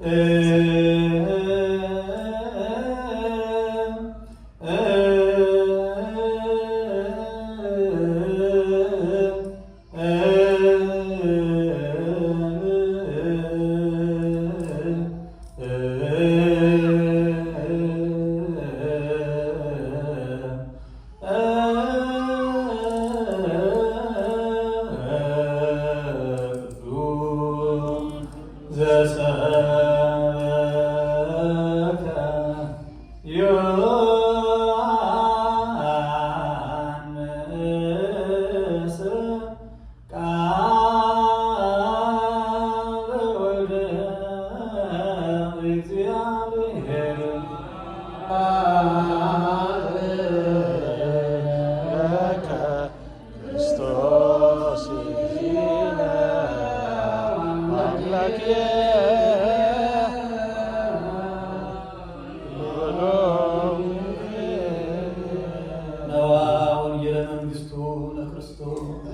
Uh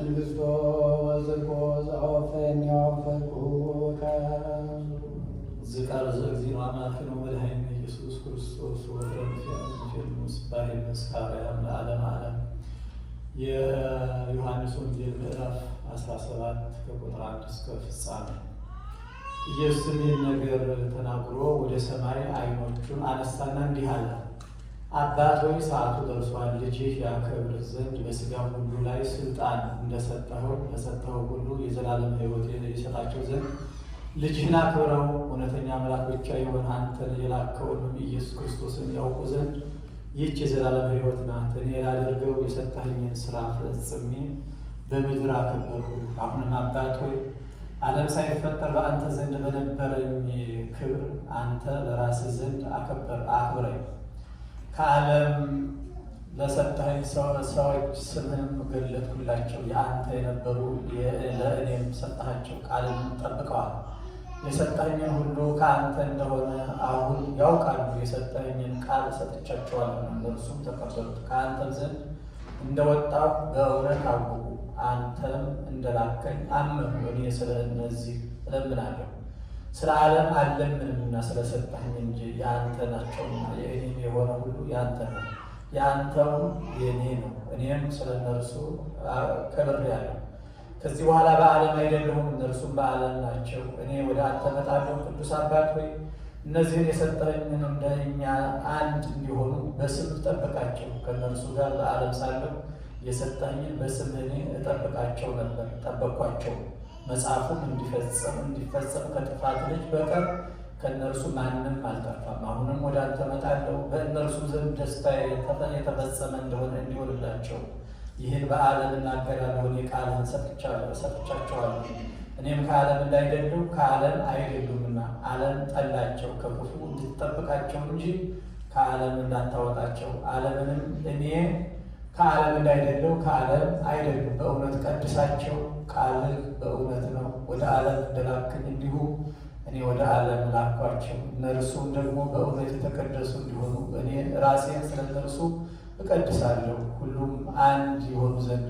እንግሥቶ ወዝቆ ዝቀርዘ እግዚኦ አምላክነ መድኃኒነ ኢየሱስ ክርስቶስ መስካሪያም ለዓለም ዓለም የዮሐንስ ወንጌል ምዕራፍ 17 ከቁጥር 1 እስከ ፍጻሜ ይህን ነገር ተናግሮ ወደ ሰማይ ዓይኖቹን አነሳና እንዲህ አለ አባት ሆይ ሰዓቱ ደርሷል። ልጅህ ያከብርህ ዘንድ በስጋ ሁሉ ላይ ስልጣን እንደሰጠኸው ለሰጠኸው ሁሉ የዘላለም ሕይወት የሰጣቸው ዘንድ ልጅህን አክብረው። እውነተኛ አምላክ ብቻ የሆነ አንተን የላከውንም ኢየሱስ ክርስቶስን ያውቁ ዘንድ ይህች የዘላለም ሕይወት ናት። እኔ ላደርገው የሰጠኸኝን ስራ ፈጽሜ በምድር አከበርኩ። አሁንም አባት ሆይ ዓለም ሳይፈጠር በአንተ ዘንድ በነበረኝ ክብር አንተ ለራስህ ዘንድ አክብረኝ ከዓለም ለሰጠኸኝ ሰዎች ስምህንም ገለጥኩላቸው። የአንተ የነበሩ ለእኔም ሰጠሃቸው፣ ቃልንም ጠብቀዋል። የሰጠኸኝን ሁሉ ከአንተ እንደሆነ አሁን ያውቃሉ። የሰጠኸኝን ቃል ሰጥቻቸዋለሁ፣ እነርሱም ተቀበሉት። ከአንተም ዘንድ እንደወጣ በእውነት አወቁ። አንተም እንደላከኝ አመኑ። እኔ ስለ እነዚህ እለምናለሁ ስለ ዓለም አልለምንምና ስለሰጠኸኝ እንጂ የአንተ ናቸው። የእኔም የሆነ ሁሉ የአንተ ነው፣ የአንተው የእኔ ነው። እኔም ስለ እነርሱ ከብሬአለሁ። ከዚህ በኋላ በዓለም አይደለሁም፣ እነርሱም በዓለም ናቸው፣ እኔ ወደ አንተ እመጣለሁ። ቅዱስ አባት ሆይ እነዚህን የሰጠኸኝን እንደ እኛ አንድ እንዲሆኑ በስም ጠብቃቸው። ከእነርሱ ጋር በዓለም ሳለሁ የሰጠኝን በስም እኔ እጠብቃቸው ነበር፣ ጠበቅኳቸው መጽሐፉም እንዲፈጸም እንዲፈጸም ከጥፋት ልጅ በቀር ከእነርሱ ማንም አልጠፋም። አሁንም ወደ አንተ በእነርሱ ዘንድ ደስታ የተፈጸመ እንደሆነ እንዲሆንላቸው ይህን በዓለም እናገራለሁ። እኔ ቃልህን ሰጥቻቸዋለሁ። እኔም ከዓለም እንዳይደሉ ከዓለም አይደሉምና ዓለም ጠላቸው። ከክፉ እንድትጠብቃቸው እንጂ ከዓለም እንዳታወጣቸው ዓለምንም እኔ ከዓለም እንዳይደለው ከዓለም አይደሉም። በእውነት ቀድሳቸው ቃልህ በእውነት ነው። ወደ ዓለም እንደላክን እንዲሁ እኔ ወደ ዓለም ላኳቸው። እነርሱም ደግሞ በእውነት የተቀደሱ እንዲሆኑ እኔ ራሴን ስለ እነርሱ እቀድሳለሁ፣ ሁሉም አንድ የሆኑ ዘንድ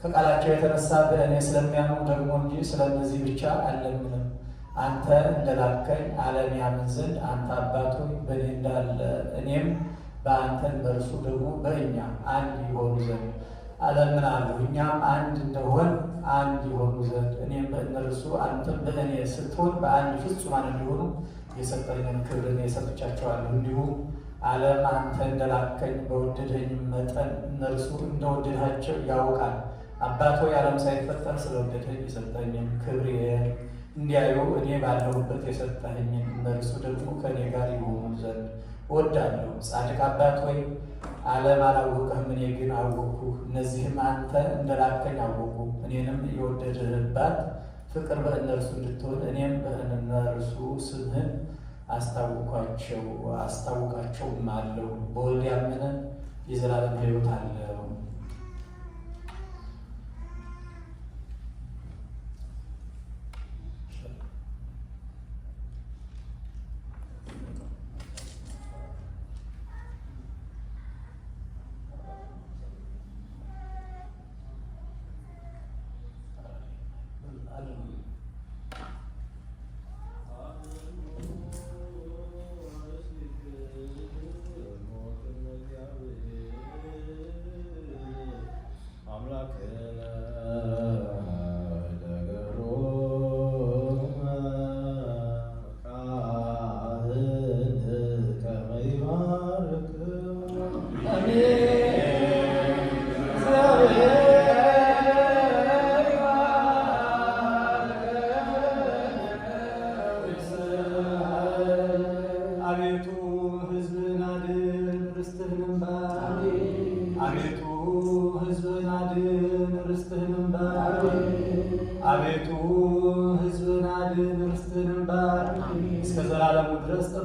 ከቃላቸው የተነሳ በእኔ ስለሚያምኑ ደግሞ እንጂ ስለነዚህ ብቻ አለምንም። አንተ እንደላከኝ ዓለም ያምን ዘንድ አንተ አባቶ በእኔ እንዳለ እኔም በአንተን በእርሱ ደግሞ በእኛ አንድ ይሆኑ ዘንድ አለምናሉ። እኛም አንድ እንደሆን አንድ ይሆኑ ዘንድ እኔም በእነርሱ አንተም በእኔ ስትሆን በአንድ ፍጹማን እንዲሆኑ የሰጠኝን ክብርን የሰጥቻቸዋለሁ። እንዲሁም ዓለም አንተ እንደላከኝ በወደደኝ መጠን እነርሱ እንደወደዳቸው ያውቃል። አባቶ የዓለም ሳይፈጠር ስለወደደኝ የሰጠኝም ክብር እንዲያዩ እኔ ባለሁበት የሰጠኝ መልሱ ደግሞ ከእኔ ጋር ይሆኑ ዘንድ እወዳለሁ። ጻድቅ አባት ሆይ ዓለም አላወቀህም፣ እኔ ግን አወቅኩ። እነዚህም አንተ እንደላከኝ አወቁ። እኔንም የወደድህባት ፍቅር በእነርሱ እንድትሆን እኔም በእነርሱ ስምህን አስታውቃቸው አስታውቃቸውም አለው። በወልድ ያመነ የዘላለም ሕይወት አለው።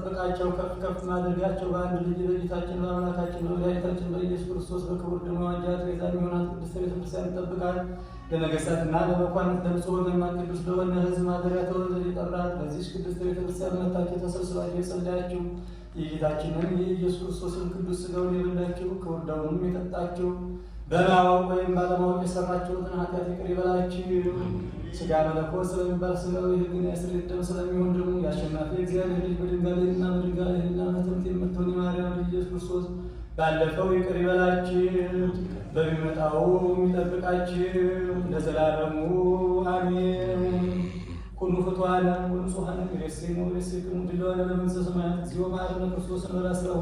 ልንጠብቃቸው ከፍ ከፍ ማድረጋቸው በአንድ ልጅ በጌታችን በአምላካችን በመድኃኒታችን በኢየሱስ ክርስቶስ በክቡር ደሙ ዋጃት ቤዛ ሊሆናት ቅድስት ቤተ ክርስቲያን ይጠብቃል። ለነገሥታትና ለመኳንንት ለብፁዓንና ቅዱስ ለሆነ ሕዝብ ማደሪያ ተወልደ ይጠራል። በዚህ ቅድስት ቤተክርስቲያን ክርስቲያን መታችሁ ተሰብስባችሁ የጸለያችሁ የጌታችንን የኢየሱስ ክርስቶስን ቅዱስ ሥጋውን የበላችሁ ክቡር ደሙንም የጠጣችሁ በማወቅ ወይም ባለማወቅ የሰራችሁትን ኃጢአት ይቅር ይበላችሁ። ስጋ መለኮት ስለሚባል ስጋዊ ሕግን ያስርቅ ደም ስለሚሆን ደግሞ የአሸናፊ እግዚአብሔር ልጅ በድንጋሌና በድንጋሌ ሕሊና መተምት የምትሆን የማርያም ልጅ ኢየሱስ ክርስቶስ ባለፈው ይቅር ይበላችሁ፣ በሚመጣው ይጠብቃችሁ ለዘላለሙ አሜን። ሁሉ ኩሉ ፍቱሐነ ወንጹሐነ እሬሴሙ እሬሴክሙ ድለዋለ በመንግሥተ ሰማያት እግዚኦ መሐረነ ክርስቶስ እንበለ ሥራሁ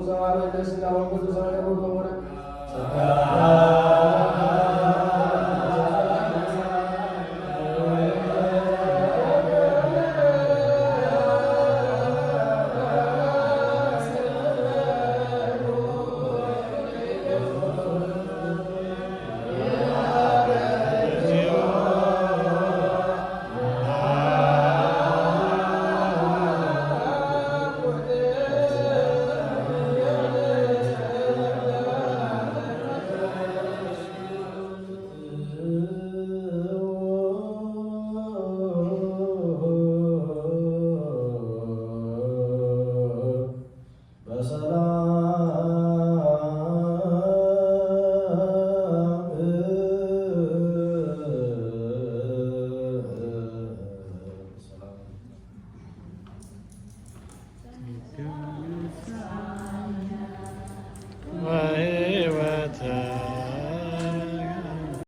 السماوات والارض ومن في